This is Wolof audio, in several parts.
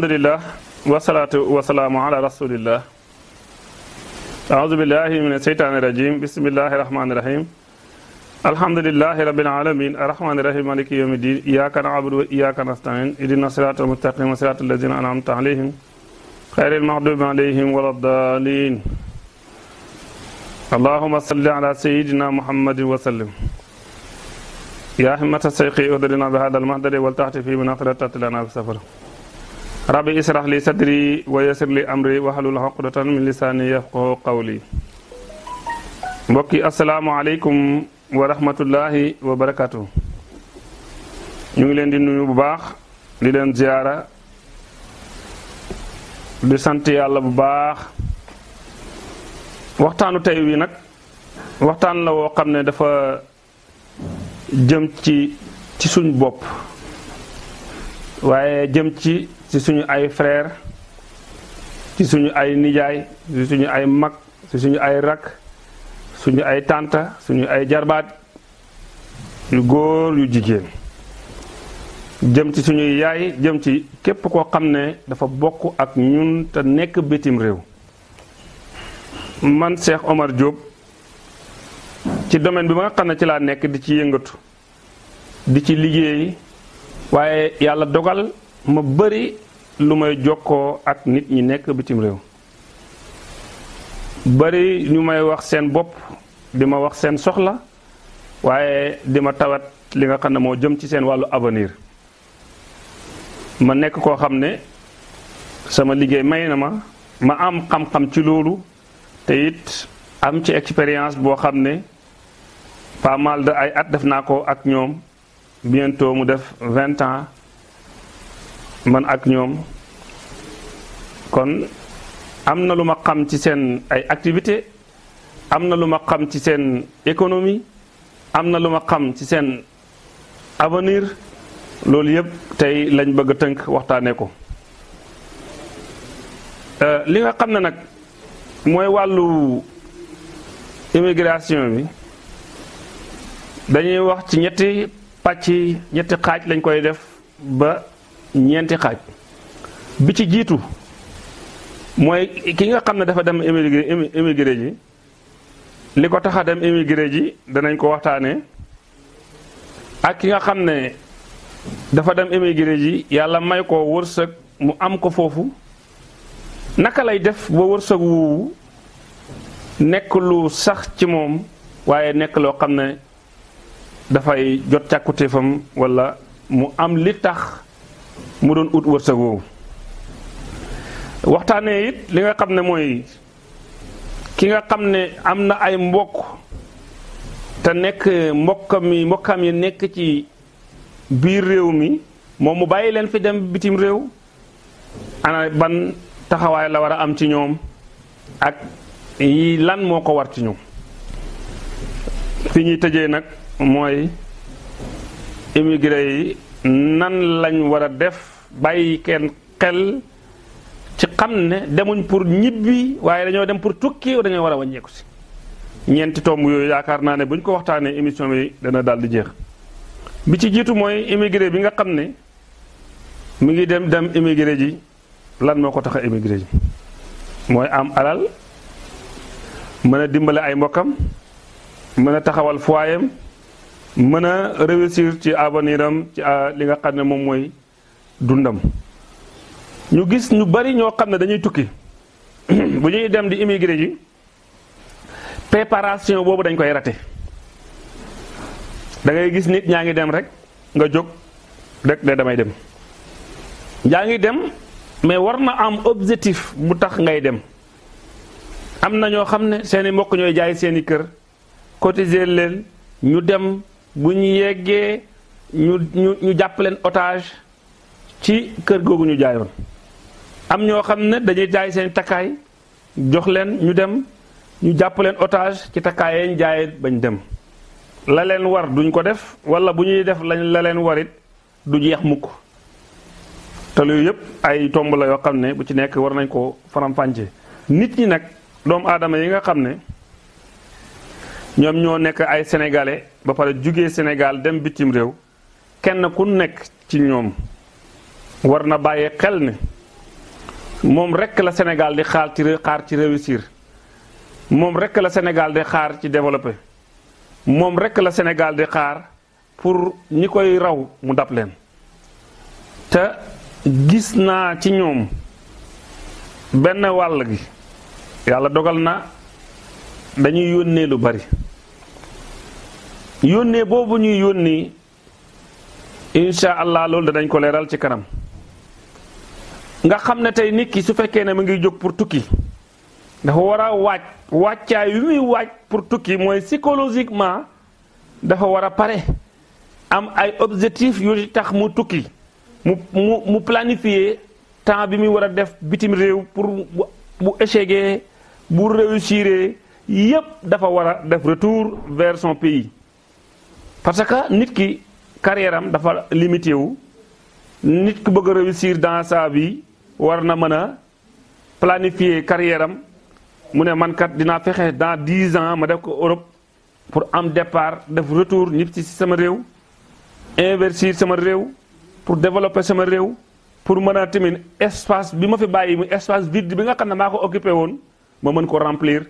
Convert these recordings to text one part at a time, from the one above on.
alhamdulillah wasalaatu wasalaamu ala rasulillah aoudu billahi min asheytaani rajim bismillahi rahmaani rahim alhamdulilahi rabbil alamin arrahmaani rahim maliki yawmi din iyyaka na'budu wa iyyaka nasta'in ihdina siratal mustaqim siratal ladzina an'amta alayhim xayril maxdubi alayhim wala dalin allahuma salli ala sayidina muhammadin wa sallim yaa himmata sayqi udrina bi hada almahdari wal taxti fi min afra tatlana bi safar rabbi israh li sadri wa yassir li amri wahlul uqdatan min lisaani yafqahu qawli mbokki asalaamu aleykum wa rahmatullahi wa barakaatu. ñu ngi leen di nuyu bu baax di leen ziyaara di sant yàlla bu baax waxtaanu tey wi nag waxtaan la woo xam ne dafa jëm ci ci suñ bopp waaye jëm ci ci suñu ay frère ci suñu ay nijaay ci suñu ay mag ci suñu ay rakk suñu ay tànta suñu ay jarbaat yu góor yu jigéen jëm ci suñuy yaay jëm ci képp koo xam ne dafa bokk ak ñun te nekk bitim réew man Cheikh Omar Diop ci domaine bi ma nga xam ne ci laa nekk di ci yëngatu di ci liggéey waaye yàlla dogal ma bari lu may jokkoo ak nit ñi nekk bitim réew bëri ñu may wax seen bopp di ma wax seen soxla waaye di ma tawat li nga xam ne moo jëm ci seen wàllu avenir ma nekk koo xam ne sama liggéey may na ma ma am xam-xam ci loolu te it am ci expérience boo xam ne pas mal ay at def naa ko ak ñoom bientôt mu def vingt ans man ak ñoom kon am na lu ma xam ci seen ay activité am na lu ma xam ci seen économie am na lu ma xam ci seen avenir loolu yëpp tey lañ bëgg a tënk waxtaanee ko euh, li nga xam ne nag mooy wàllu immigration bi dañuy wax ci ñetti pàcc yi ñetti xaaj lañ koy def ba ñeenti xaaj bi ci jiitu mooy ki nga xam ne dafa dem émigré émigré ji li ko tax a dem émigré ji danañ ko waxtaane ak ki nga xam ne dafa dem émigré ji yàlla may ko wërsëg mu am ko foofu naka lay def ba wërsëg woowu nekk lu sax ci moom waaye nekk loo xam ne dafay jot càkkutéefam wala mu am li tax mu doon ut wërsëg woowu waxtaanee it li nga xam ne mooy ki nga xam ne am na ay mbokk te nekk mbokkam mi mbokkam yi nekk ci biir réew mi moom mu bàyyi leen fi dem bitim réew ana ban taxawaay la war a am ci ñoom ak yi lan moo ko war ci ñoom fi ñuy tëjee nag mooy immigré yi nan lañ war a def bàyyi kenn xel ci xam ne demuñ pour ñibbi waaye dañoo dem pour tukki dañoo war a wàññeeku si ñeenti tomb yooyu yaakaar naa ne buñ ko waxtaanee émission bi dana daal di jeex bi ci jiitu mooy immigré bi nga xam ne mu ngi dem dem immigré ji lan moo ko tax a immigré ji mooy am alal mën a dimbale ay mbokkam mën a taxawal foyam mën a réussir ci avenir am ci ah, li nga xam ne moom mooy dundam ñu gis ñu bari ñoo xam ne dañuy tukki bu ñuy dem di immigré ji préparation boobu dañ koy raté da ngay gis nit ñaa ngi dem rek nga jóg rek de damay dem yaa ngi dem mais war na am objectif bu tax ngay dem am na ñoo xam ne seeni mbokk ñooy jaay seeni kër cotiser leen ñu dem bu ñu yeggee ñu ñu ñu jàpp leen otage ci kër googu ñu jaayoon am ñoo xam ne dañuy jaay seen takkaay jox leen ñu dem ñu jàpp leen otage ci takkaay yañ jaay bañ dem la leen war duñ ko def wala bu ñuy def la leen warit du jeex mukk te loolu yëpp ay tomb la yoo xam ne bu ci nekk war nañ ko faram nit ñi nag doomu aadama yi nga xam ne. ñoom ñoo nekk ay sénégalais ba pare jugee senegal dem bitim réew kenn ku nekk ci ñoom war na bàyyi xel ne moom rekk la senegal di xaar ci xaar ci réussir moom rekk la senegal di xaar ci développer moom rekk la Sénégal di xaar pour ñi koy raw mu dab leen te gis naa ci ñoom benn wàll gi yàlla dogal na dañuy yónnee lu bari yónnee boobu ñuy yónni incha allah loolu danañ ko leeral ci kanam nga xam ne tey nit ki su fekkee ne mu ngi jóg pour tukki dafa war a waaj wàccaay yu muy waaj pour tukki mooy psychologiquement dafa war a pare am ay objectif yu tax mu tukki mu mu mu planifier temps bi muy war a def bitim réew pour bu échegee bu réussir yépp dafa war a def retour vers son pays parce que nit ki carrière am dafa limité wu nit ki bëgg a réussir dans sa vie war na mën a planifier carrière mu ne man kat dinaa fexe dans dix ans ma def ko Europe pour am départ def retour ñëpp ci sama réew investir sama réew pour développer sama réew pour mën a tamit espace bi ma fi bàyyi mu espace vide bi nga xam ne maa ko occupé woon ma mën ko remplir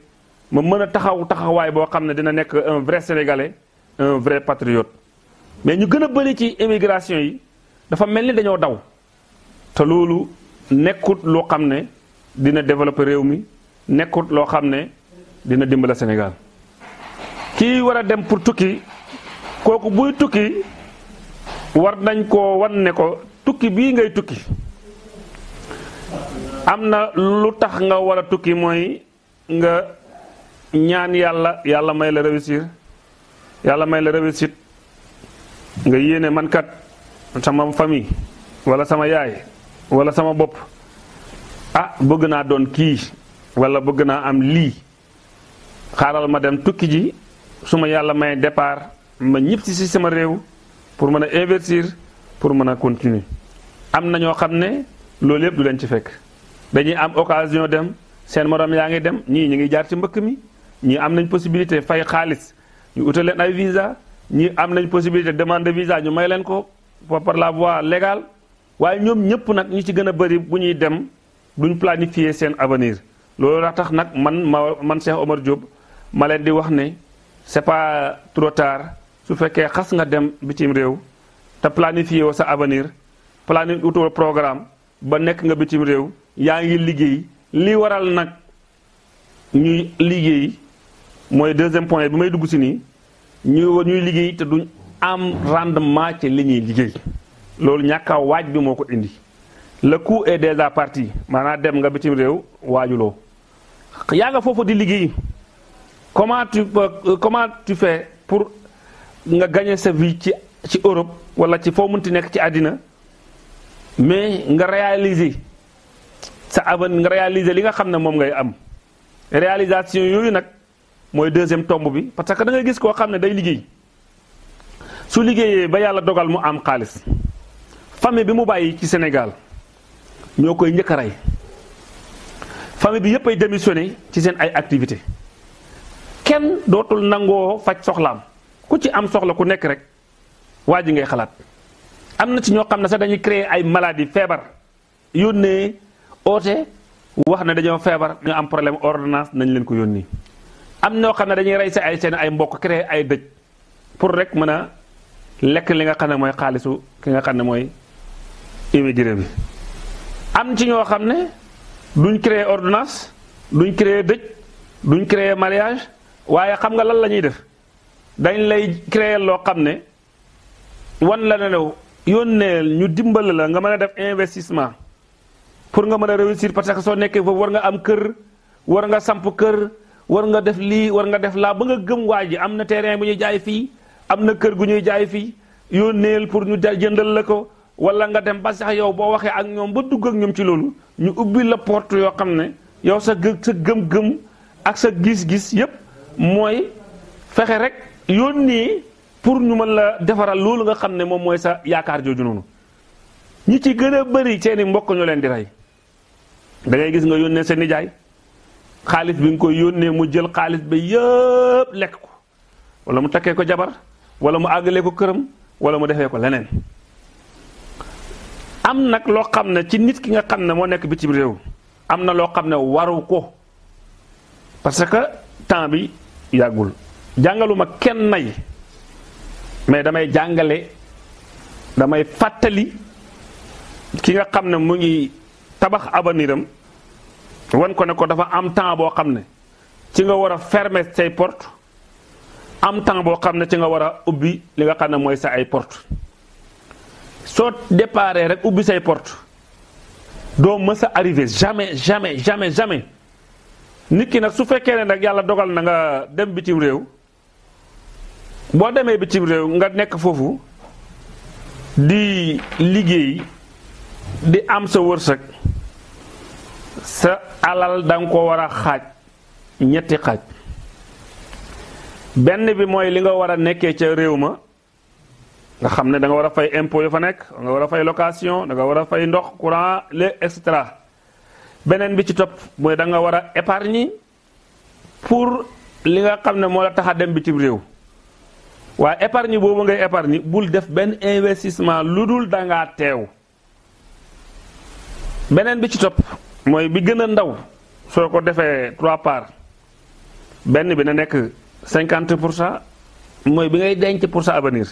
ma mën a taxaw taxawaay boo xam ne dina nekk un vrai sénégalais un vrai patriote mais ñu gën a bëri ci immigration yi dafa mel ni dañoo daw te loolu nekkut loo xam ne dina développer réew mi nekkut loo xam ne dina dimbala senegal kii war a dem pour tukki kooku buy tukki war nañ koo wan ne ko tukki bii ngay tukki am na lu tax nga war a tukki mooy nga ñaan yàlla yàlla may la réussir yàlla may la réussite nga yéene mankat kat sama famille wala sama yaay wala sama bopp ah bëgg naa doon kii wala bëgg naa am lii xaaral ma dem tukki ji su ma yàlla may départ ma ñëpp si sama réew pour mën a invertir pour mën a continuer am na ñoo xam ne loolu yëpp du leen ci fekk dañuy am occasion dem seen morom yaa ngi dem ñii ñu ngi jaar ci mbëkk mi ñii am nañ possibilité fay xaalis ñu utal leen ay visa ñi am nañ possibilité demande de visa ñu may leen ko par la voie legal waaye ñoom ñëpp nag ñu ci gën a bëri bu ñuy dem duñ planifier seen avenir loolu la tax nag man ma man seex Omar Diop ma leen di wax ne c'est pas trop su fekkee xas nga dem bitim réew te planifier sa avenir planifier utul programme ba nekk nga bitim réew yaa ngi liggéey li waral nag ñuy liggéey mooy deuxième point bi may dugg si nii ñu ñuy liggéey te duñ am rendement ci li ñuy liggéey loolu ñàkk a waaj bi moo ko indi le et des déjà parti maanaam dem nga bitim réew waajuloo yaa nga foofu di liggéey comment tu euh, comment tu fais pour nga gagner sa vie ci ci Europe wala ci foo munti nekk ci àddina mais nga réaliser sa avenir nga réaliser li nga xam ne moom ngay am réalisation yooyu nag. mooy deuxième tomb bi parce que da gis koo xam ne day liggéey su liggéeyee ba yàlla dogal mu am xaalis famille bi mu bàyyi ci Sénégal ñoo koy njëkk rey famille bi yëpp ay démissionné ci seen ay activité kenn dootul nangoo faj soxlaam ku ci am soxla ku nekk rek waa ji ngay xalaat am na ci ñoo xam ne sax dañuy créer ay maladie feebar yónnee oote wax ne dañoo feebar ñu am problème ordinance nañ leen ko yónni am ñoo xam ne dañuy rey sa ay seen ay mbokk créé ay dëj pour rek mën a lekk li nga xam ne mooy xaalisu ki nga xam ne mooy immigré bi am ci ñoo xam ne duñ créé ordonnance duñ créé dëj duñ créé mariage waaye xam nga lan la ñuy def dañ lay créé loo xam ne wan la ne yoon nee ñu dimbal la nga mën a def investissement pour nga mën a réussir parce que soo nekkee foofu war nga am kër war nga samp kër war nga def lii war nga def laa ba nga gëm waa ji am na terrain bu ñuy jaay fii am na kër gu ñuy jaay fii yónneel pour ñu jëndal la ko wala nga dem ba sax yow boo waxee ak ñoom ba dugg ak ñoom ci loolu ñu ubbi la porte yoo xam ne yow sa gë sa gëm-gëm ak sa gis-gis yépp mooy fexe rek yónnee pour ñu mën la defaral loolu nga xam ne moom mooy sa yaakaar jooju noonu ñi ci gën a bari seeni mbokk ñoo leen di rey da gis nga yónnee seen nijaay xaalis bi nga koy yónnee mu jël xaalis ba yëpp lekk ko wala mu takkee ko jabar wala mu àggalee ko këram wala mu defee ko leneen am nag loo xam ne ci nit ki nga xam ne moo nekk bitim réew am na loo xam ne waru ko parce que temps bi yàggul jàngaluma kenn nay mais damay jàngale damay fàttali ki nga xam ne mu ngi tabax abaniram wan ko ne ko dafa am temps boo xam ne ci nga war a fermer say porte am temps boo xam ne ci nga war a ubbi li nga xam ne mooy sa ay porte soo déparé rek ubbi say porte doo mës a arrivé jamais jamais jamais jamais nit ki nag su fekkee ne nag yàlla dogal na nga dem bitim réew boo demee bitim réew nga nekk foofu di liggéey di am sa wërsëg sa alal danga ko war a xaaj ñetti xaaj benn bi mooy li nga war a nekkee ca réew ma nga xam ne danga nga war a fay impo yu fa nekk nga war a fay location da nga war a fay ndox courant le et beneen bi ci topp mooy danga nga war a épargne pour li nga xam ne moo la tax a dem bitim réew waaye épargne boobu ngay épargne bul def benn investissement lu dul danga teew beneen bi ci topp mooy bi gën a ndaw soo ko defee trois parts benn bi na nekk cinquante pour cent mooy bi ngay denc pour sa avenir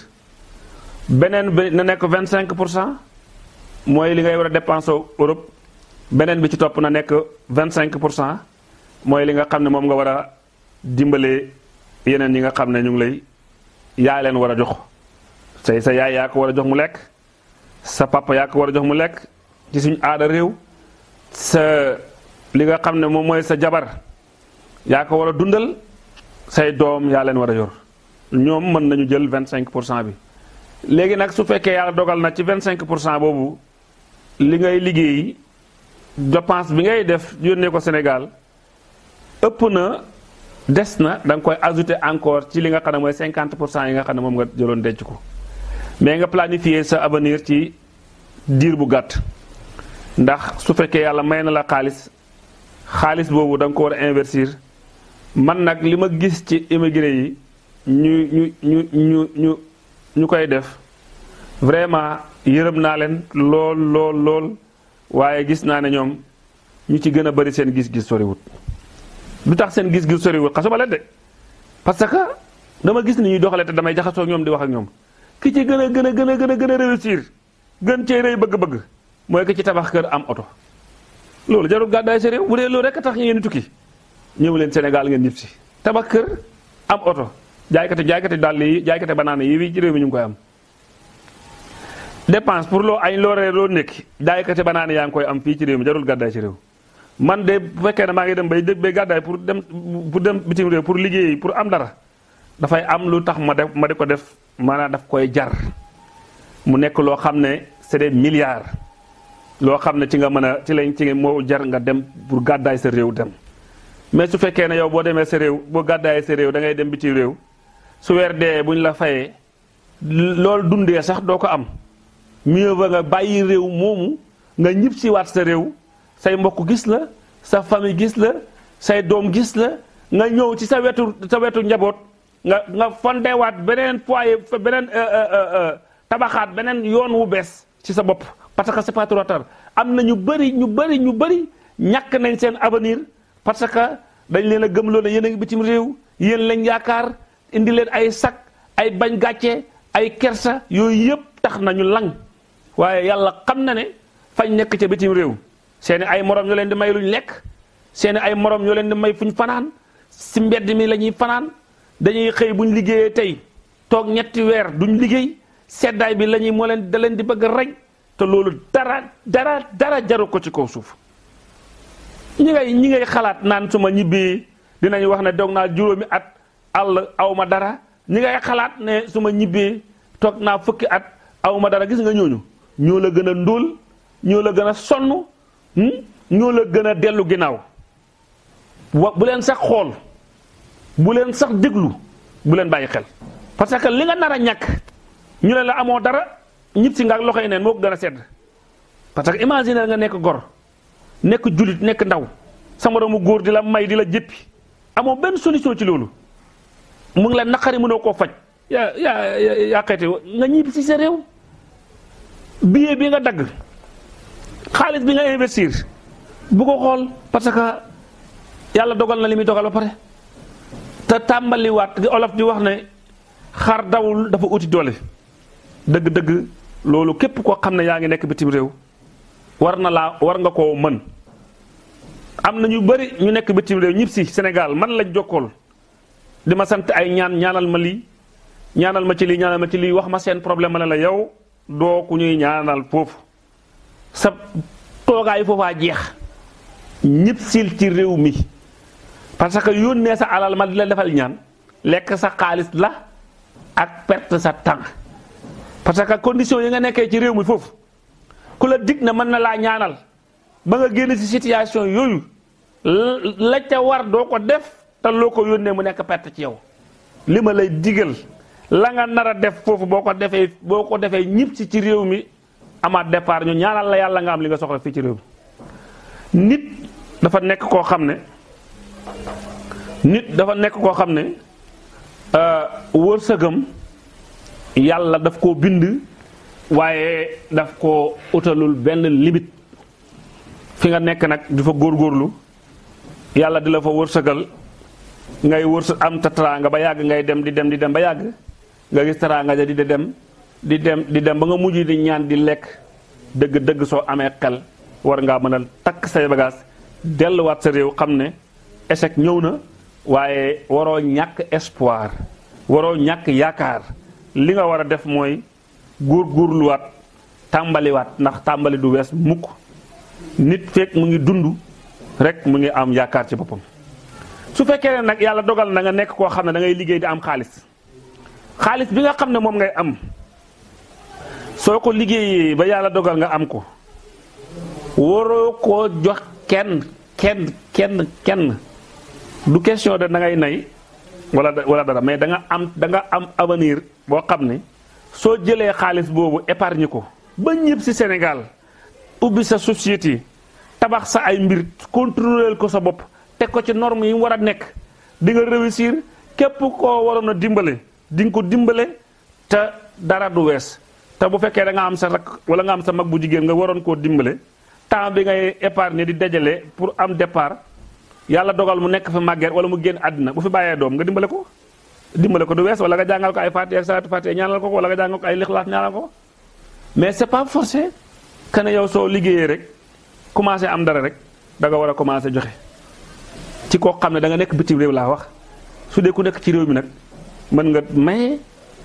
beneen bi na nekk vingt cinq pour cent mooy li ngay war a dépenser Europe beneen bi ci topp na nekk vingt cinq pour cent mooy li nga xam ne moom nga war a dimbale yeneen yi nga xam ne ñu ngi lay yaa leen war a jox say sa yaay yaa ko war a jox mu lekk sa papa yaa ko war a jox mu lekk ci suñ aada réew. sa li nga xam ne moom mooy sa jabar yaa ko war a dundal say doom yaa leen war a yor ñoom mën nañu jël vingt cinq pour cent bi léegi nag su fekkee yàlla dogal na ci vingt cinq pour cent boobu li ngay liggéey dépense bi ngay def yónnee ko Sénégal ëpp na des na da koy ajouter encore ci li nga xam ne mooy cinquante pour cent yi nga xam ne moom nga jëloon denc ko mais nga planifier sa avenir ci diir bu gàtt ndax su fekkee yàlla may na la xaalis xaalis boobu da nga ko war a investir man nag li ma gis ci immigré yi ñu ñu ñu ñu ñu ñu koy def vraiment yërëm naa leen lool lool lool waaye gis naa ne ñoom ñu ci gën a bari seen gis-gis soriwut lu tax seen gis-gis soriwut xasuma leen de parce que dama gis ni ñuy doxalee te damay jaxasoo ñoom di wax ak ñoom ki ci gën a gën a gën a gën a gën a réussir gën cee rëy bëgg-bëgg mooy que ci tabax kër am oto loolu jarul gàddaay sa réew bu dee loolu rek a tax yéen tukki ñëw leen Sénégal ngeen ñib si tabax kër am oto jaaykate jaaykate dàll yi jaaykate banaana yi wi ci réew mi ñu ngi koy am dépense pour loo añ loo reer loo nekk jaaykate banaana yaa ngi koy am fii ci réew mi jarul gàddaay ci réew man de bu fekkee ne maa ngi dem bay bay gàddaay pour dem pour dem bitim réew pour liggéey pour am dara dafay am lu tax ma def ma di ko def maanaam daf koy jar mu nekk loo xam ne c'est des milliards loo xam ne ci nga mën a ci lañ ci moo jar nga dem pour gàddaay sa réew dem mais su fekkee ne yow boo demee sa réew boo gàddaayee sa réew da ngay dem biti réew su weer dee bu ñu la fayee loolu dundee sax doo ko am mieux vaut bàyyi réew moomu nga ñib si sa réew say mbokk gis la sa famille gis la say doom gis la nga ñëw ci sa wetu sa wetu njaboot nga nga fondewaat beneen foyer beneen euh, euh, euh, tabaxaat beneen yoon wu bees ci sa bopp parce que c'est am na ñu bëri ñu bëri ñu bëri ñàkk nañ seen avenir parce que dañ leen a gëmloo ne yéen a bitim réew yéen lañ yaakaar indi leen ay sac ay bañ gàcce ay kersa yooyu yëpp tax nañu lang waaye yàlla xam na ne fañ nekk ca bitim réew seeni ay morom ñoo leen di may luñ lekk seeni ay morom ñoo leen di may fuñ fanaan si mbedd mi la ñuy fanaan dañuy xëy buñ liggéeyee tey toog ñetti weer duñ liggéey seddaay bi la ñuy moo leen da leen di bëgg rey te loolu dara dara dara jaru ko ci kaw suuf ñi ngay ñi ngay xalaat naan suma ñibbee dinañ wax ne doog naa juróomi at àll aw ma dara ñi ngay xalaat ne suma ñibbee toog naa fukki at awma dara gis nga ñooñu ñoo la gën a ndóol ñoo la gën a sonn hmm? ñoo la gën a dellu ginnaaw wa bu leen sax xool bu leen sax déglu bu leen bàyyi xel parce li nga nar a ñàkk ñu ne la amoo dara ñib si loxo loxoy neen moo ko gën a sedd parce que imaginer nga nekk gor nekk julit nekk ndaw sama moroomu góor di la may di la jëppi amoo benn solution ci loolu mu ngi la naqari mënoo koo faj yaa yaa yaa xeete nga ñibbi si sa réew billet bi nga dagg xaalis bi nga investir bu ko xool parce que yàlla dogal na li muy dogal ba pare te tàmbaliwaat olof di wax ne xaar dawul dafa uti doole dëgg-dëgg loolu képp koo xam ne yaa ngi nekk bitim réew war na laa war nga koo mën am na ñu bari ñu nekk bitim réew ñib si Sénégal man la jokkool di ma sant ay ñaan ñaanal ma lii ñaanal ma ci lii ñaanal ma ci lii wax ma seen problème ma ne la yow doo ku ñuy ñaanal foofu sa toogaay foofaa jeex ñib sil ci réew mi parce que yónnee sa alal ma di la defal ñaan lekk sa xaalis la ak perte sa tànk parce que condition yi nga nekkee ci réew mi foofu ku la dig na mën na laa ñaanal ba nga génn ci situation yooyu la ca war doo ko def te loo ko yónnee mu nekk perte ci yow li ma lay digal la nga nar a def foofu boo ko defee boo ko defee ñib si ci réew mi amaat départ ñu ñaanal la yàlla nga am li nga soxla fii ci réew mi nit dafa nekk koo xam ne nit dafa nekk koo xam ne euh, wërsëgam yàlla daf koo bind waaye daf ko utalul benn limite fi nga nekk nag di fa góorlu yàlla di la fa wërsëgal ngay wërsa am ta taraanga ba yàgg ngay dem di dem di dem ba yàgg nga gis di dem di dem di dem ba nga mujj di ñaan di lekk dëgg dëgg soo amee xel war ngaa mën a takk say bagage delluwaat sa réew xam ne échec ñëw na waaye waroo ñàkk espoir waroo ñàkk yaakaar li nga war a def mooy góor góorluwaat tàmbaliwaat ndax tàmbali du wees mukk nit fekk mu ngi dund rek mu ngi am yaakaar ci boppam su fekkee ne nag yàlla dogal na nga nekk koo xam ne da ngay liggéey di am xaalis xaalis bi nga xam ne moom ngay am soo ko liggéeyee ba yàlla dogal nga am ko waroo koo jox kenn kenn kenn kenn du question de da ngay nay wala wala dara mais danga am da nga am avenir boo xam ne soo jëlee xaalis boobu épargne ko ba ñëpp si Sénégal ubbi sa société tabax sa ay mbirit contrôler ko sa bopp teg ko ci norme yi war a nekk di nga réussir képp koo waroon na dimbale di nga ko dimbale te dara du wees te bu fekkee da nga am sa rak wala nga am sa mag bu jigéen nga waroon koo dimbale temps bi ngay épargner di dajale pour am départ yàlla dogal mu nekk fi màgget wala mu génn àdduna bu fi bàyyee doom nga dimbale ko dimbale ko du wees wala nga jàngal ko ay fatiha ak salaatu fatiha ñaanal ko ko wala nga jàngal ko ay lixlaas ñaanal ko mais c'est pas forcé que ne yow soo liggéeyee rek commencé am dara rek da nga war a commencé joxe ci koo xam ne da nga nekk bitim réew laa wax su dee ku nekk ci réew mi nag mën nga maye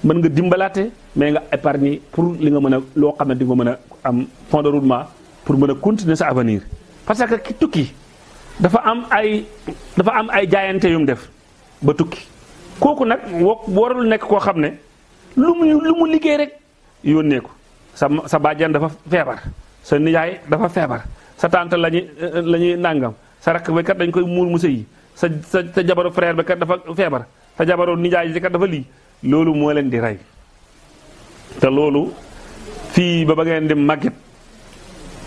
mën nga dimbalaate mais nga épargne pour li nga mën a loo xam ne di nga mën a am fond de roulement pour mën a continuer sa avenir dafa am ay dafa am ay jaayante yu def ba tukki kooku nag warul nekk koo xam ne lu mu lu mu liggéey rek yónnee ko sa sa bàjjan dafa feebar sa nijaay dafa feebar sa tante lañuy la ñuy nàngam sa rakk bi kat dañ koy muur mu yi sa sa sa jabaru frère bi kat dafa feebar sa jabaru nijaay bi kat dafa lii loolu moo leen di rey te loolu fii ba ba ngeen di màgget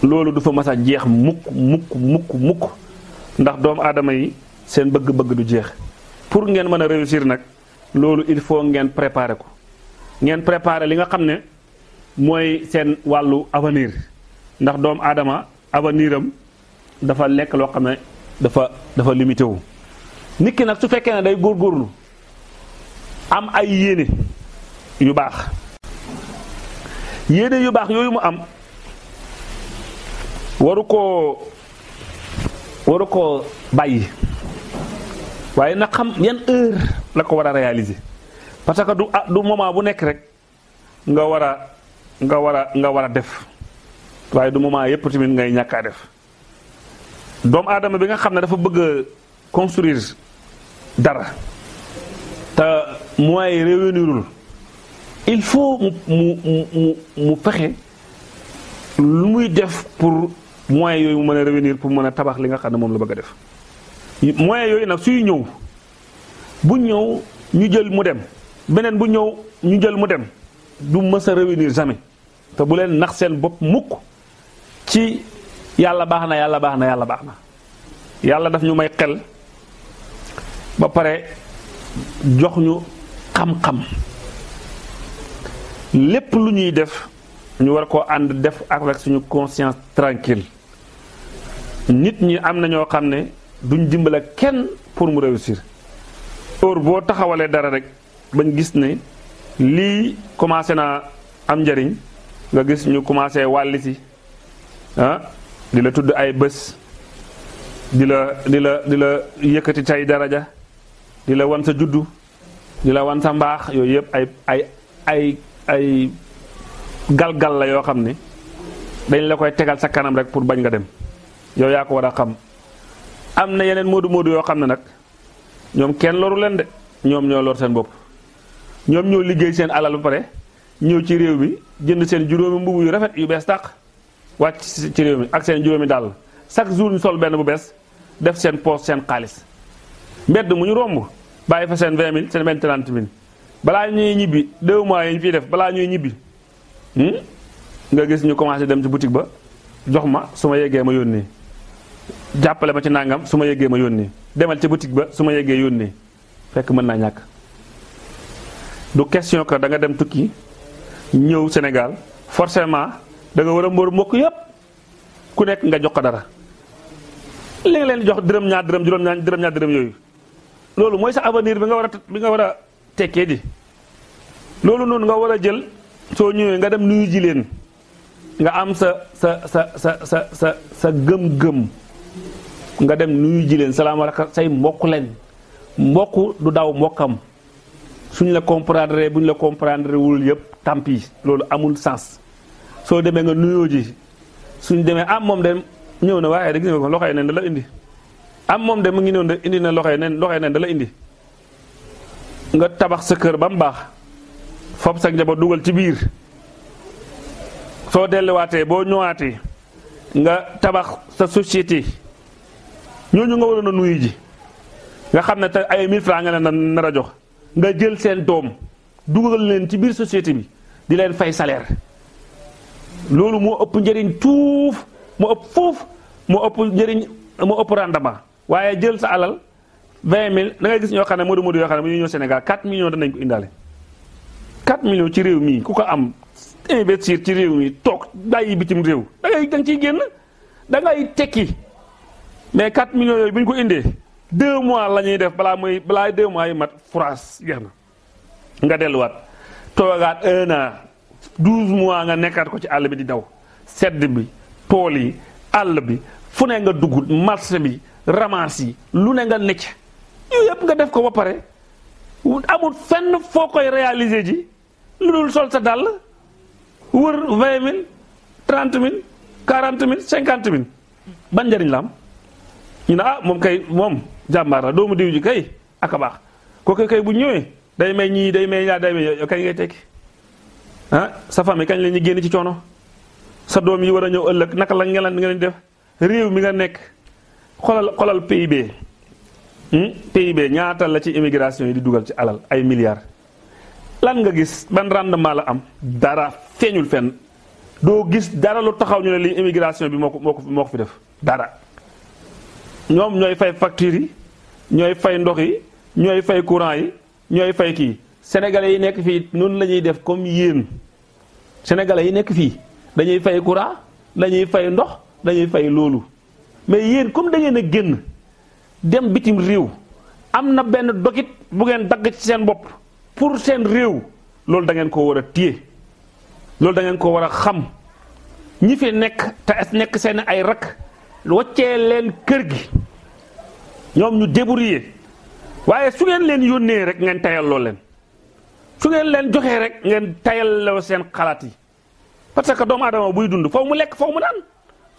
loolu du fa mas a jeex mukk mukk mukk mukk ndax doomu aadama yi seen bëgg-bëgg du jeex pour ngeen mën a réussir nag loolu il faut ngeen préparer ko ngeen préparer li nga xam ne mooy seen wàllu avenir ndax doomu aadama avenir am dafa lekk loo xam ne dafa dafa limité wu. nit ki nag su fekkee ne day góor góorlu am ay yéene yu baax yéene yu baax yooyu mu am waru ko waru ko bàyyi waaye na xam yan heure la ko war a réaliser parce que du ah du moment bu nekk rek nga war a nga war a nga war a def waaye du moment yëpp tamit ngay ñàkk def doomu aadama bi nga xam ne dafa bëgg a dara te moyens yi il faut mu mu mu mu fexe lu muy def pour. moyens yooyu mu mën a revenir pour mën a tabax li nga xam ne moom la bëgg a def moyens yooyu nag suy ñëw bu ñëw ñu jël mu dem beneen bu ñëw ñu jël mu dem du mës a revenir jamais te bu leen nax seen bopp mukk ci yàlla baax na yàlla baax na yàlla baax na yàlla daf ñu may xel ba pare jox ñu xam-xam lépp lu ñuy def ñu war ko ànd def avec suñu conscience tranquille nit ñi am na ñoo xam ne duñ dimbale kenn pour mu réussir heure boo taxawalee dara rek bañ gis ne lii commencé naa am njariñ nga gis ñu commencé wàlli si ah di la tudd ay bés di la di la di la yëkkati tay daraja di la wan sa juddu di la wan sa mbaax yooyu yëpp ay ay ay ay gal gal la yoo xam ne dañ la koy tegal sa kanam rek pour bañ nga dem yow yaa ko war a xam am na yeneen moodu moodu yoo xam ne nag ñoom kenn loru leen de ñoom ñoo lor seen bopp ñoom ñoo liggéey seen alal ba pare ñëw ci réew mi jënd seen juróomi mbubu yu rafet yu bees tàq wàcc ci réew mi ak seen juróomi daal chaque jour ñu sol benn bu bees def seen poos seen xaalis mbedd mu ñu romb bàyyi fa seen 20 mille seen benn 30 balaa ñuy ñibbi deux mois yi ñu fiy def balaa ñuy ñibbi hmm? nga gis ñu commencé dem ci boutique ba jox ma su ma yeggee ma yónnee. jàppale ma ci nangam su ma yeggee ma yónnee demal ca boutique ba su ma yeggee yónnee fekk mën naa ñàkk du question que da nga dem tukki ñëw Sénégal forcément danga war a mbóor mbokk yépp ku nekk nga jox ko dara li nga leen jox dërëm ñaar dërëm juróom ñaar dërëm ñaar dërëm yooyu loolu mooy sa avenir bi nga war a bi nga war a tekkee ji loolu noonu nga war a jël soo ñëwee nga dem nuyu ji leen nga am sa sa sa sa sa sa sa gëm-gëm nga dem nuyu ji leen salaamaaleykum say mbokk lañ mbokk du daw mbokkam suñu la bu ñu la comprendre wul yëpp tant pis loolu amul sens soo demee nga nuyoo ji suñu demee am ah, moom de ñëw na waaye rek ñëw ko loxoy neen indi am ah, moom de mu ngi ñëw de indi na loxoy nen loxoy neen da la indi nga tabax sa kër ba baax foofu sa njaboot dugal ci biir soo delluwaatee boo ñëwaatee nga tabax sa société ñooñu nga waroon a nuyu ji nga xam ne te ay 1000 francs nga leen na nar a jox nga jël seen doom dugal leen ci biir societé bi di leen fay salaire loolu moo ëpp njëriñ tuuf moo ëpp foofu moo ëpp njëriñ moo ëpp rendement waaye jël sa alal 20000 da ngay gis ñoo xam ne moodu moodu yoo xam ne bu ñu ñëw Sénégal 4 millions danañ ko indaale 4 millions ci réew mii ku ko am investir ci réew mi toog bàyyi bitim réew da ngay da nga ciy génn da ngay tekki. mais 4 millions yooyu bu ñu ko indee 2 mois lañuy def balaa mooy balaa 2 mois yi mat France jeex na nga delluwaat toogaat un an 12 mois nga nekkaat ko ci àll bi di daw sedd bi tool yi àll bi fu ne nga dugg marché bi ramas yi lu ne nga necc yooyu yëpp nga def ko ba pare amul fenn foo koy réaliser ji lu dul sol sa dàll wër vingt mille trente mille quarante mille cinquante mille ban njëriñ laam ñu ne ah moom kay moom jàmbaar la doomu diw ji kay ak a baax kooku kay bu ñëwee day may ñii day may ñaar day may yow kañ ngay tekki ah sa famille kañ la ñuy génn ci coono sa doom yi war a ñëw ëllëg naka la ngelan nga leen def réew mi nga nekk xolal xolal PIB hmm? PIB ñaata la ci immigration yi di dugal ci alal ay milliards lan nga gis ban rendement la am dara feeñul fenn doo gis dara lu taxaw ñu ne lii immigration bi moo ko moo ko moo ko fi def dara ñoom ñooy fay factures yi ñooy fay ndox yi ñooy fay courant yi ñooy fay kii sénégalais yi nekk fii noonu la ñuy def comme yéen sénégalais yi nekk fii dañuy fay courant dañuy fay ndox dañuy fay loolu mais yéen comme dangeen a génn dem bitim réew am na benn dokit bu ngeen dagg ci seen bopp pour seen réew loolu dangeen ko war a téye loolu da ngeen ko war a xam ñi fi nekk te nekk seen ay rakk waccee leen kër gi ñoom ñu débrouiller waaye su ngeen leen yónnee rek ngeen tayalloo leen su ngeen leen joxee rek ngeen tayalloo seen xalaat yi parce que doomu aadama buy dund foofu mu lekk foofu mu naan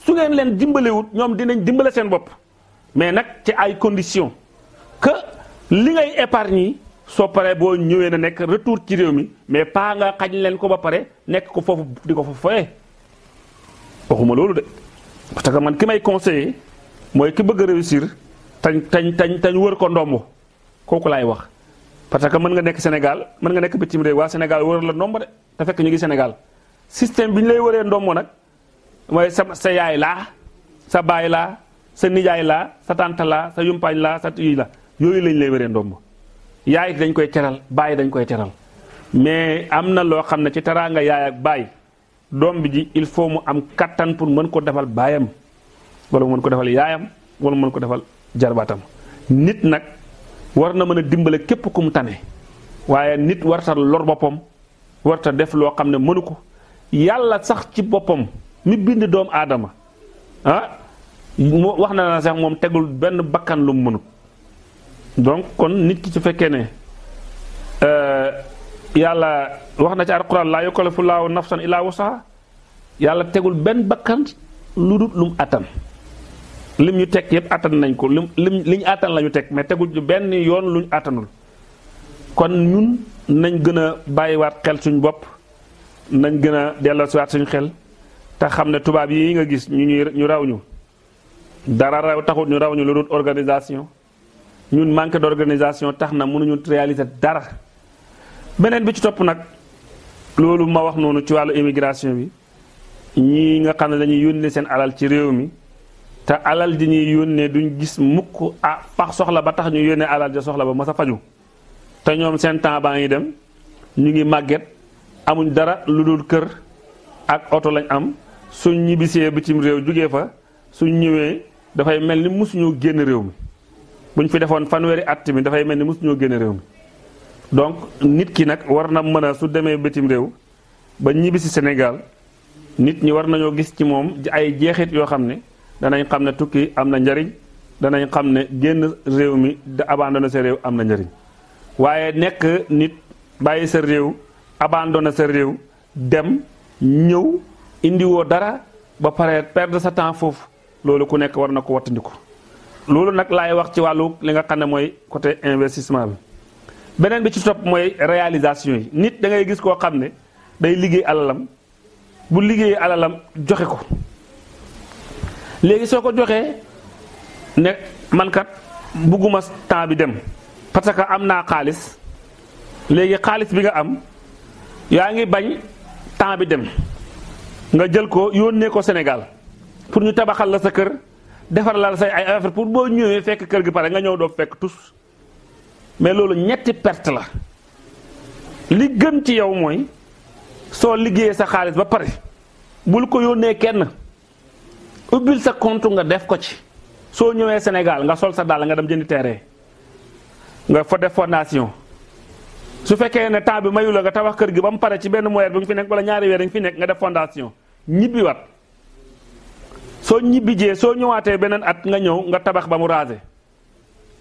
su ngeen leen dimbalewut ñoom dinañ dimbale seen bopp mais nag ci ay conditions que li ngay épargne soo paree boo ñëwee na nekk retour ci réew mi mais pas ngaa xaj leen ko ba pare nekk ko foofu di ko fa foyee waxuma loolu de. parce que man ki may conseiller mooy ki bëgg réussir tañ tañ tañ tañ wër ko ndomb kooku laay wax. parce que mën nga nekk Sénégal mën nga nekk bitim réew waa Sénégal wër la ndomb de te fekk ñu ngi Sénégal système bi ñu lay wëree ndomb nag mooy sa sa yaay laa sa baay laa sa nijaay laa sa tante laa sa yumpaañ laa sa yuy la yooyu lañ lay wëree ndomb yaay dañ koy teral baay dañ koy teral mais am na loo xam ne ci teraanga yaay ak baay. doom bi ji il faut mu am kattan pour mën ko defal baayam wala mu mën ko defal yaayam wala mu mën ko defal jarbaatam nit nag war na mën a dimbale képp ku mu tane waaye nit warta lor boppam warta def loo xam ne mënu ko yàlla sax ci boppam mi bind doomu aadama ah mu wax na na sax moom tegul benn bakkan lu mu mënut donc kon nit ki ci fekkee ne euh, yàlla wax na ci alquran laa yukallifu laahu nafsan illaa wusaha yàlla tegul benn bakkan lu dul lum attan lim ñu teg yëpp attan nañ ko lim lim liñ attan la ñu teg mais tegul benn yoon luñ attanul kon ñun nañ gën a bàyyiwaat xel suñ bopp nañ gën a delloosiwaat suñ xel te xam ne tubaab yi nga gis ñu ñuy ñu raw ñu dara raw taxul ñu raw ñu lu dul organisation ñun manque d'organisation tax na mënuñu réaliser dara. beneen bi ci topp nag loolu ma wax noonu ci wàllu immigration bi ñii nga xam ne dañuy yónnee seen alal ci réew mi te alal di ñuy yónnee duñ gis mukk ah pax soxla ba tax ñu yónnee alal ja soxla ba mës a faju te ñoom seen temps baa ngi dem ñu ngi màgget amuñ dara lu dul kër ak oto lañ am suñ ñibbisee bitim réew jugee fa suñ ñëwee dafay mel ni mosuñoo génn réew mi buñ fi defoon fanweeri at mi dafay mel ni mosuñoo génn réew mi. donc nit ki nag war na mën a su demee bitim réew ba ñibbisi si Sénégal nit ñi war nañoo gis ci moom ay jeexit yoo xam ne danañ xam ne tukki am na njariñ danañ xam ne génn réew mi da abandonné sa réew am na njariñ waaye nekk nit bàyyi sa réew abandonné sa réew dem ñëw indiwoo dara ba pare perdre sa temps foofu loolu ku nekk war na ko wattandiku loolu nag laay wax ci wàllu li nga xam ne mooy côté investissement bi beneen bi ci topp mooy réalisation yi nit da ngay gis koo xam ne day liggéey alalam bu liggéey alalam joxe ko léegi soo ko joxee ne mankat bugguma temps bi dem parce que am naa xaalis léegi xaalis bi nga am yaa ngi bañ temps bi dem nga jël ko yónnee ko Sénégal pour ñu tabaxal la sa kër defar la say ay affaire pour boo ñëwee fekk kër gi pare nga ñëw doo fekk tus mais loolu ñetti perte la li gën ci yow mooy soo liggéeyee sa xaalis ba pare bul ko yónnee kenn ubbil sa compte nga def ko ci soo ñëwee Sénégal nga sol sa dàll nga dem jëndi terrain nga fa def fondation su fekkee ne temps bi mayu la nga tabax kër gi ba mu pare ci benn weer bi nga fi nekk wala ñaari weer nga fi nekk nga def fondation ñibbi wat soo ñibbi jee soo ñëwaatee beneen at nga ñëw nga tabax ba mu raser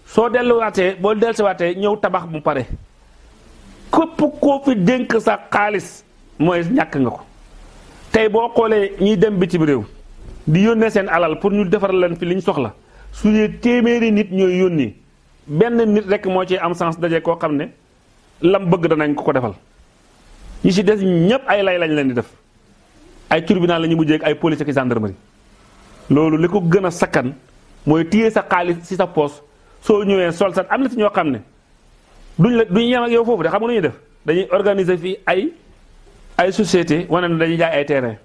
soo delluwaatee boo dellu dellusiwaatee ñëw tabax bu pare këpp koo fi dénk sa xaalis mooy ñàkk nga ko tey boo xoolee ñiy dem bitim réew di yónnee seen alal pour ñu defaral leen fi liñ soxla su dee téeméeri nit ñooy yónni benn nit rek moo ci am sens daje koo xam ne lam bëgg danañ ko ko defal ñi ci des ñépp ay lay lañ leen di def ay tribunal la ñu mujjee ak ay police ak gendarmerie loolu li ko gën a sakkan mooy téye sa xaalis ci sa poos soo ñëwee sol sat am na si ñoo xam ne duñ la duñ yem ak yow foofu de xam nga ñuy def dañuy organiser fii ay ay societé wane ne dañuy jaay ay terrain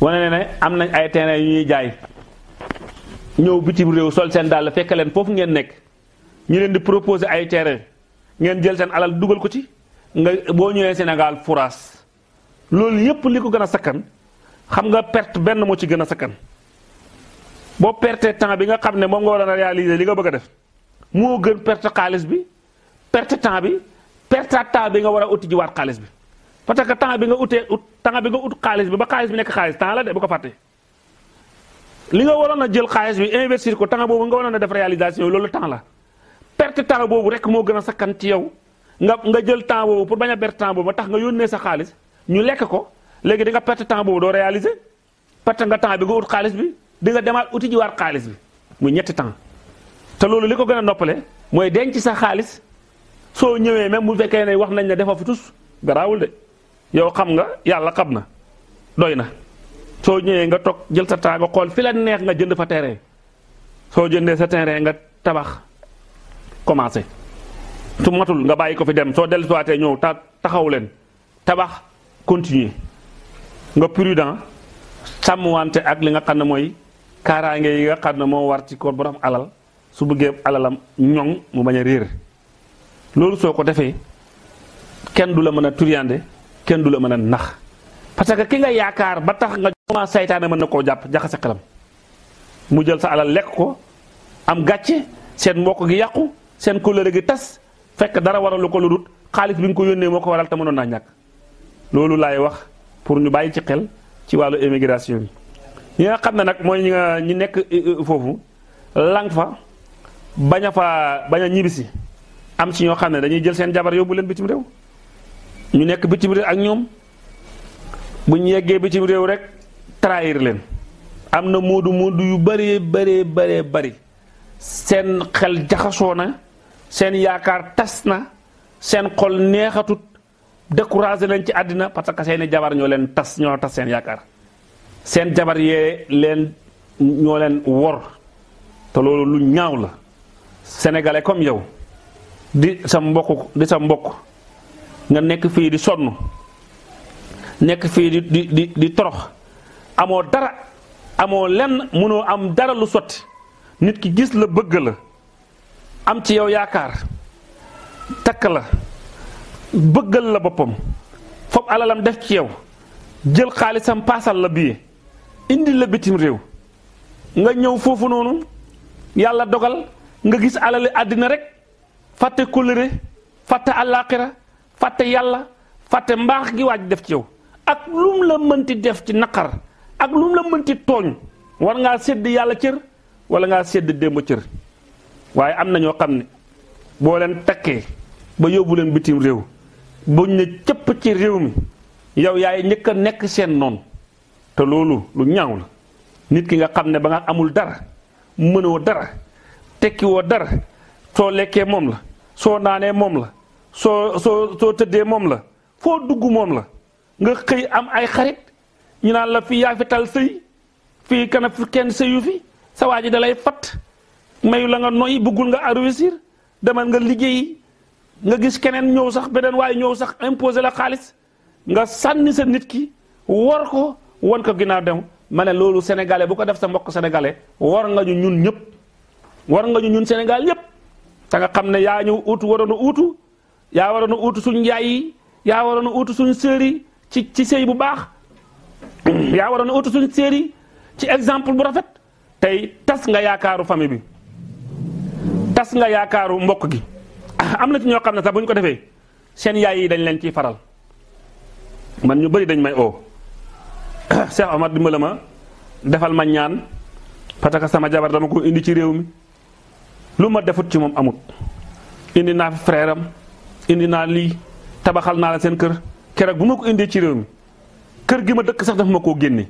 wane ne ne am nañ ay terrain yu ñuy jaay ñëw bitim réew sol daal dàll fekk leen foofu ngeen nekk ñu leen di proposé ay teree ngeen jël seen alal dugal ko ci nga boo ñëwee Sénégal furaas loolu yépp li ko gën a sakkan xam nga perte benn moo ci gën a sakkan boo perte temps bi nga xam ne moom nga waroon a réaliser li nga bëgg def moo gën perte xaalis bi perte temps bi perte temps bi nga war a uti jiwaat xaalis bi parce que temps bi nga utee ut temps bi nga ut xaalis bi ba xaalis bi nekk xaalis temps de bu ko fàttee li nga waroon a jël xaalis bi investir ko temps boobu nga waroon a def réalisation yi loolu temps la perte temps boobu rek moo gën a sakkan ci yow nga nga jël temps boobu pour bañ a perte temps boobu ba tax nga yónnee sa xaalis ñu lekk ko léegi di nga perte temps boobu doo réaliser perte nga temps bi nga ut xaalis bi di nga demaat uti waat xaalis bi muy ñetti temps te loolu li ko gën a noppale mooy denc sa xaalis soo ñëwee même bu fekkee ne wax nañ ne defa fi tus de yow xam nga yàlla xam na doy na soo ñëwee nga toog jël sa temps nga xool fi la neex nga jënd fa terrain soo jëndee sa terrain nga tabax commencé su matul nga bàyyi ko fi dem soo dellusiwaatee ñëw ta taxaw leen tabax continuer nga prudent sàmmwante ak li nga xam ne mooy kaaraange yi nga xam ne moo war ci ko borom alal su bëggee alalam ñoŋ mu bañ a réer loolu soo ko defee kenn du la mën a turiyande kenn du la mën a nax parce que ki nga yaakaar ba tax nga jomaa saytaane mën na koo jàpp jaxase xelam mu jël sa alal lekk ko am gàcce seen mbokk gi yàqu seen kóllëre gi tas fekk dara waralu ko lu dut xaalis bi nga ko yónnee moo ko waral te mënoon naa ñàkk loolu laay wax pour ñu bàyyi ci xel ci wàllu émigration bi ñi nga xam ne nag mooy ñi nga ñi nekk euh, euh, foofu lang fa bañ a fa bañ ñibbisi am si ñoo xam ne dañuy jël seen jabar yóbbu leen bitim réew ñu nekk bitim réew ak ñoom bu ñu yeggee bitim réew rek trahir leen am na moodu moodu yu bëree bëree bëree bëri seen xel jaxasoo na seen yaakaar tas na seen xol neexatu découragé leen ci àddina parce que seeni jabar ñoo leen tas ñoo tas seen yaakaar seen jabar yee leen ñoo leen wor te loolu lu ñaaw la sénégalais comme yow di sa mbokk di sa mbokk nga nekk fii di sonn nekk fii di di di torox amoo dara amoo lenn mënoo am dara lu sotti nit ki gis la bëgg la am ci yow yaakaar takk la bëggal la boppam fob alalam def ci yow jël xaalisam paasal la bii indi la bitim réew nga ñëw foofu noonu yàlla dogal nga gis alale àddina rek fàtte kóllëre fàtte àllaaxira fàtte yàlla fàtte mbaax gi waaj def ci yow ak lum la mënti def ci naqar ak lum la mënti tooñ war ngaa sedd yàlla cër wala ngaa sédd démb cër waaye am na ñoo xam ne boo leen takkee ba yóbbu leen bitim réew buñ ne cëpp ci réew mi yow yaay njëkk a nekk seen noonu te loolu lu ñaaw la nit ki nga xam ne ba nga amul dara mënoo dara tekki woo dara soo lekkee moom la soo naanee moom la soo soo soo tëddee moom la foo dugg moom la nga xëy am ay xarit ñu naan la fii yaa fi tal sëy fii kana fi kenn sëyu fi sa waa ji dalay fatt fat mayu la nga noy bëggul nga réussir demal nga liggéeyi nga gis keneen ñëw sax beneen waaye ñëw sax imposé la xaalis nga sànni sa nit ki war ko wan ko ginnaaw dem ma ne loolu sénégalais bu ko def sa mbokk sénégalais war nga ñu ñun ñëpp war nga ñu ñun sénégal ñëpp te nga xam ne yaa ñu uutu waroon a uutu yaa waroon a uutu suñu yaay yi yaa waroon a uutu suñu sœur yi ci ci sëy bu baax yaa waroon a uutu suñu sœur yi ci exemple bu rafet tey tas nga yaakaaru famille bi tas nga yaakaaru mbokk gi ah, am na ci ñoo xam ne sax bu ñu ko defee seen yaay yi dañ lañ ciy faral man ñu bëri dañ may oo Cheikh Omar di ma la ma defal ma ñaan parce que sama jabar dama ko indi ci réew mi lu ma defut ci moom amut indi naa fi frère indi naa lii tabaxal naa la seen kër keroog bu ma ko indee ci réew mi kër gi ma dëkk sax dafa ma koo génne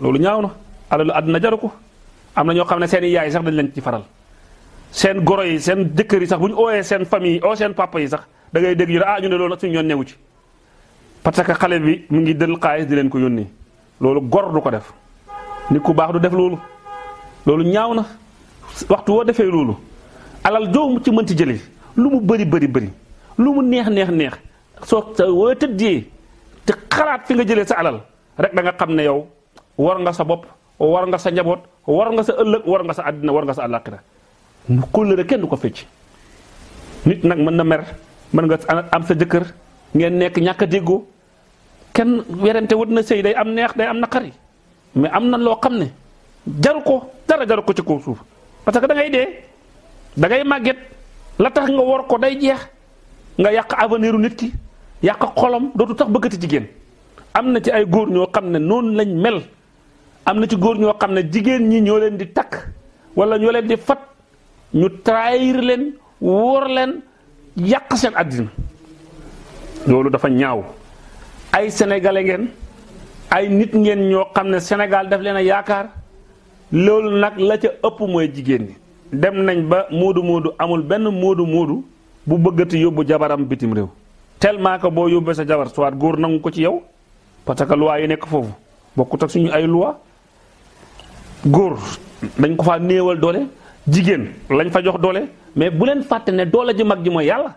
loolu ñaaw na alalu àddina jaru ko am na ñoo xam ne seen yaay sax dañ leen ci faral seen goro yi seen jëkkër yi sax bu ñu ooyee seen famille oo seen papa yi sax da ngay dégg ñu ne ah ñu ne loolu nag suñu yoon newu ci parce que xale bi mu ngi dël xaalis di leen ko yónnee. loolu gor du ko def nit ku baax du def loolu loolu ñaaw na waxtu woo defee loolu alal joo mu ci mënti jëlee lu mu bëri bëri bëri lu mu neex neex neex soo sa woo tëddee te xalaat fi nga jëlee sa alal rek da nga xam ne yow war nga sa bopp war nga sa njaboot war nga sa ëllëg war nga sa àddina war nga sa àllaaxira kóllëre kenn du ko fecc nit nag mën na mer mën nga am sa jëkkër ngeen nekk ñàkk déggoo kenn werante wut na sëy day am neex day am naqari mais am na loo xam ne jaru ko dara jaru ko ci kaw suuf parce que da ngay dee da ngay màgget la tax nga war ko day jeex nga yàq aveniru nit ki yàq xolom dootu tax bëggati jigéen am na ci ay góor ñoo xam ne noonu lañ mel am na ci góor ñoo xam ne jigéen ñi ñoo leen di takk wala ñoo leen di fat ñu trahir leen wóor leen yàq seen àddina loolu dafa ñaaw ay sénégalais ngeen ay nit ngeen ñoo xam ne Sénégal def leen a yaakaar loolu nag la ca ëpp mooy jigéen ñi dem nañ ba moodu moodu amul benn moodu moodu bu bëggati yóbbu jabaram bitim réew tellement que boo yóbbee sa jabar soit góor nangu ko ci yow parce que loi yi nekk foofu bokkut ak suñu ay loi góor dañ ko fa néewal doole jigéen lañ fa jox doole mais bu leen fàtte ne doole ji mag ji mooy yàlla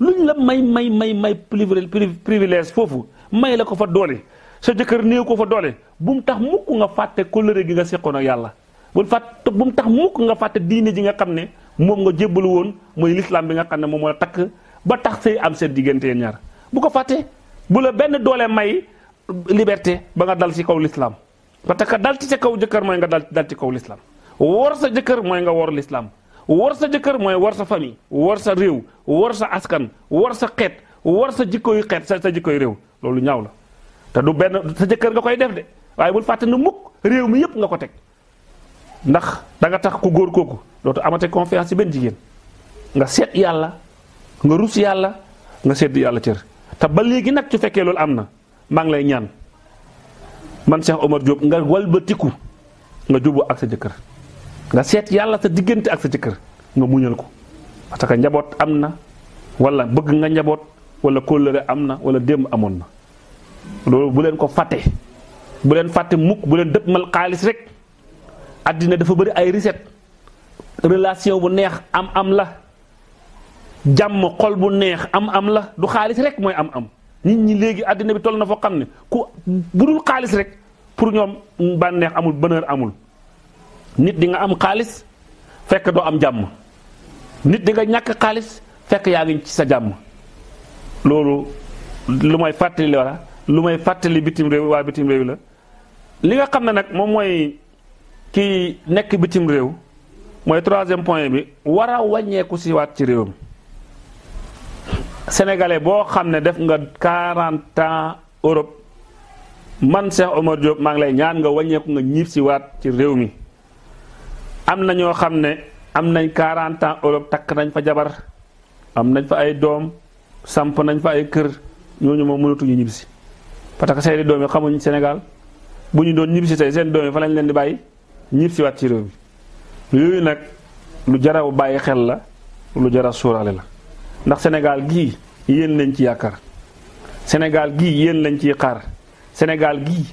luñ la may may may may privilège foofu may la ko fa doole sa jëkkër néew ko fa doole bu mu tax mukk nga fàtte kóllëre gi nga seqoon ak yàlla bul fàtte bu mu tax mukk nga fàtte diine ji nga xam ne moom nga jébbalu woon mooy lislaam bi nga xam ne moom la takk ba tax say am seen diggante ñaar bu ko fàttee bu la benn doole may liberté ba nga dal ci kaw lislaam parce que dal ci sa kaw jëkkër mooy nga dal dal ci kaw lislaam wor sa jëkkër mooy nga wor lislaam war sa jëkkër mooy war sa famille war sa réew wor sa askan war sa xeet war sa jikkoy xeet sa sa jikkoy réew loolu ñaaw la te du benn sa jëkkër nga koy def de waaye bul fàtte ne mukk réew mi yëpp nga ko teg ndax da nga tax ku góor kooku dootu amate confiance ci benn jigéen nga seet yàlla nga rus yàlla nga sedd yàlla cër te ba léegi nag su fekkee loolu am na maa ngi lay ñaan man Cheikh Omar Diop nga walbatiku nga juboo ak sa jëkkër nga seet yàlla sa diggante ak sa jëkkër nga muñal ko parce que njaboot am na wala bëgg nga njaboot wala kóllëre am na wala démb amoon na loolu bu leen ko fàttee bu leen fàtte mukk bu leen mal xaalis rek àddina dafa bëri ay recette relation bu neex am am la jàmm xol bu neex am am la du xaalis rek mooy am am nit ñi léegi àddina bi toll na foo xam ne ku bu dul xaalis rek pour ñoom bànneex amul bonheur amul nit di nga am xaalis fekk doo am jàmm nit di nga ñàkk xaalis fekk yaa ngi ci sa jàmm loolu lu may fàttali wala lu may fàttali bitim réew waa bitim réew la li nga xam ne nag moom mooy ki nekk bitim réew mooy troisième point bi war a wàññeeku si waat ci réew mi sénégalais boo xam ne def nga 40 ans Europe man Cheikh omor Diop maa ngi lay ñaan nga wàññeeku nga ñiib si waat ci réew mi am na ñoo xam ne am nañ 40 ans Europe takk nañ fa jabar am nañ fa ay doom samp nañ fa ay kër ñooñu moom mënatuñu ñibbisi parce que seeni doom yi xamuñ Sénégal bu ñu doon ñibbisi tey seen doom yi fa lañ leen di bàyyi ñibbisi waat ci réew mi yooyu nag lu jaraw bàyyi xel la lu jara suuraale la ndax Sénégal gii yéen lañ ci yaakaar Sénégal gii yéen lañ ci xaar Sénégal gii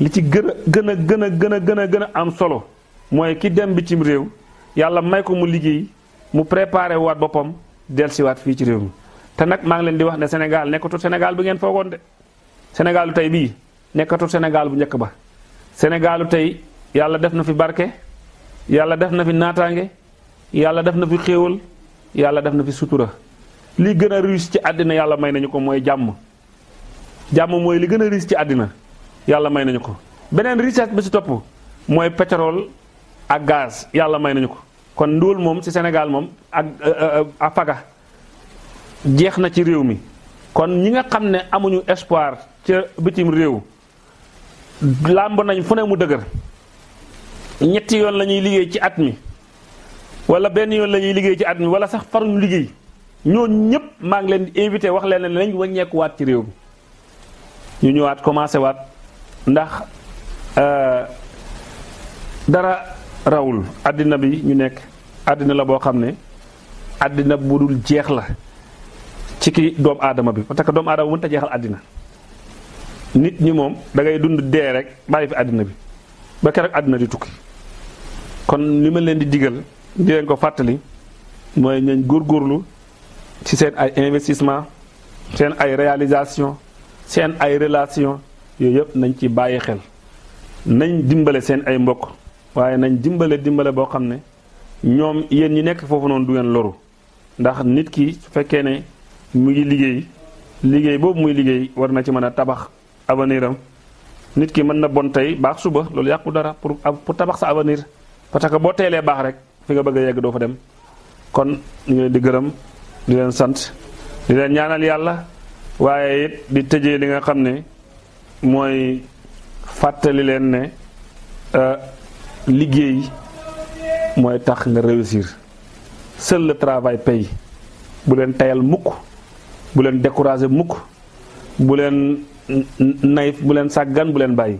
li ci gën a gën a gën a gën a gën a am solo mooy ki dem bi bitim réew yàlla may ko mu liggéey mu préparé waat boppam dellusiwaat fii ci réew mi te nag maa ngi leen di wax ne Sénégal nekkatu Sénégal bu ngeen foogoon de Sénégalu tey bii nekkatu Sénégal bu njëkk ba Sénégalu tey yàlla def na fi barke yàlla def na fi naataange yàlla def na fi xéewal yàlla def na fi sutura li gën a riis ci àddina yàlla may nañu ko mooy jàmm jàmm mooy li gën a riis ci àddina yàlla may nañu ko beneen richesse bi si ak gaz yàlla may nañu ko kon ndóol moom ci Sénégal moom ak euh, euh, a faga jeex na ci réew mi kon ñi nga xam ne amuñu espoir ca bitim réew làmb nañ fu ne mu dëgër ñetti yoon la ñuy liggéey ci at mi wala benn yoon la ñuy liggéey ci at mi wala sax faruñu liggéey ñooñu ñëpp maa ngi leen di invité wax leen ne nañ waat ci réew mi ñu ñëwaat commencé waat ndax euh, dara. rawul àddina bi ñu nekk àddina la boo xam ne àddina bu dul jeex la ci ki doomu aadama bi parce que doomu aadama mënut te jeexal àddina nit ñi moom da ngay dund dee rek bàyyi fi àddina bi ba keroog àddina di tukki kon li ma leen di digal di leen ko fàttali mooy ñañ góorgóorlu ci seen ay investissement seen ay réalisation seen ay relation yooyu yëpp nañ ci bàyyi xel nañ dimbale seen ay mbokk waaye nañ dimbale dimbale boo xam ne ñoom yéen ñi nekk foofu noonu du ngeen loru ndax nit ki su fekkee ne mu ngi liggéey liggéey boobu muy liggéey war na ci mën a tabax abaniiram nit ki mën na bon tey baax suba loolu yàqu dara pour pour tabax sa avenir parce que boo teelee baax rek fi nga bëgg a yegg doo fa dem kon ñu leen di gërëm di leen sant di leen ñaanal yàlla waaye it di tëjee li nga xam ne mooy fàttali leen ne euh, liggéey mooy tax nga réussir seul le travail paye bu leen tayal mukk bu leen décourager mukk bu leen nayif bu leen sàggan bu leen bàyyi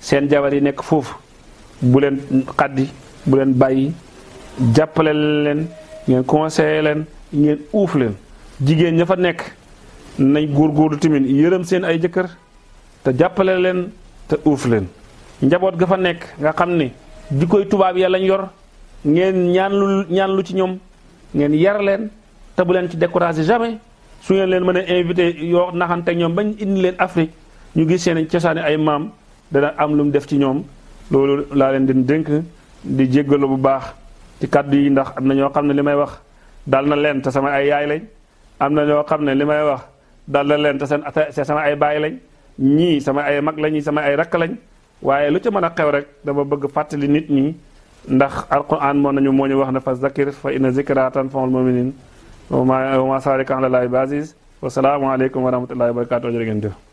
seen jabar yi nekk foofu bu leen xaddi bu leen bàyyi jàppale leen ngeen conseiller leen ngeen uuf leen jigéen ña fa nekk nañ góorgóorlu tamit yërëm seen ay jëkkër te jàppale leen te uuf leen njaboot ga fa nekk nga xam ni jikkoy tubaab ya lañ yor ngeen ñaan lu ñaan lu ci ñoom ngeen yar leen te leen ci découragé jamais su ngeen leen mën a invité yoo naxante ñoom bañ indi leen Afrique ñu gis seen cosaani ay maam dana am lu mu def ci ñoom loolu laa leen den dénk di jéggalu bu baax ci kàddu yi ndax am na ñoo xam ne li may wax dal na leen te sama ay yaay lañ am na ñoo xam ne li may wax dal na leen te seen sama ay baay lañ ñii sama ay mag lañ ñii sama ay rakk lañ. waaye lu ca mën a xew rek dama bëgg fàttali nit ñi ndax ar alquran moo nañu moo ñu wax ne fa zakir fa inna zikra tanfa'ul mu'minin wa ma salika ala lahi basis wa salaamu aleykum wa rahmatullahi wa barakatu ngeen jëf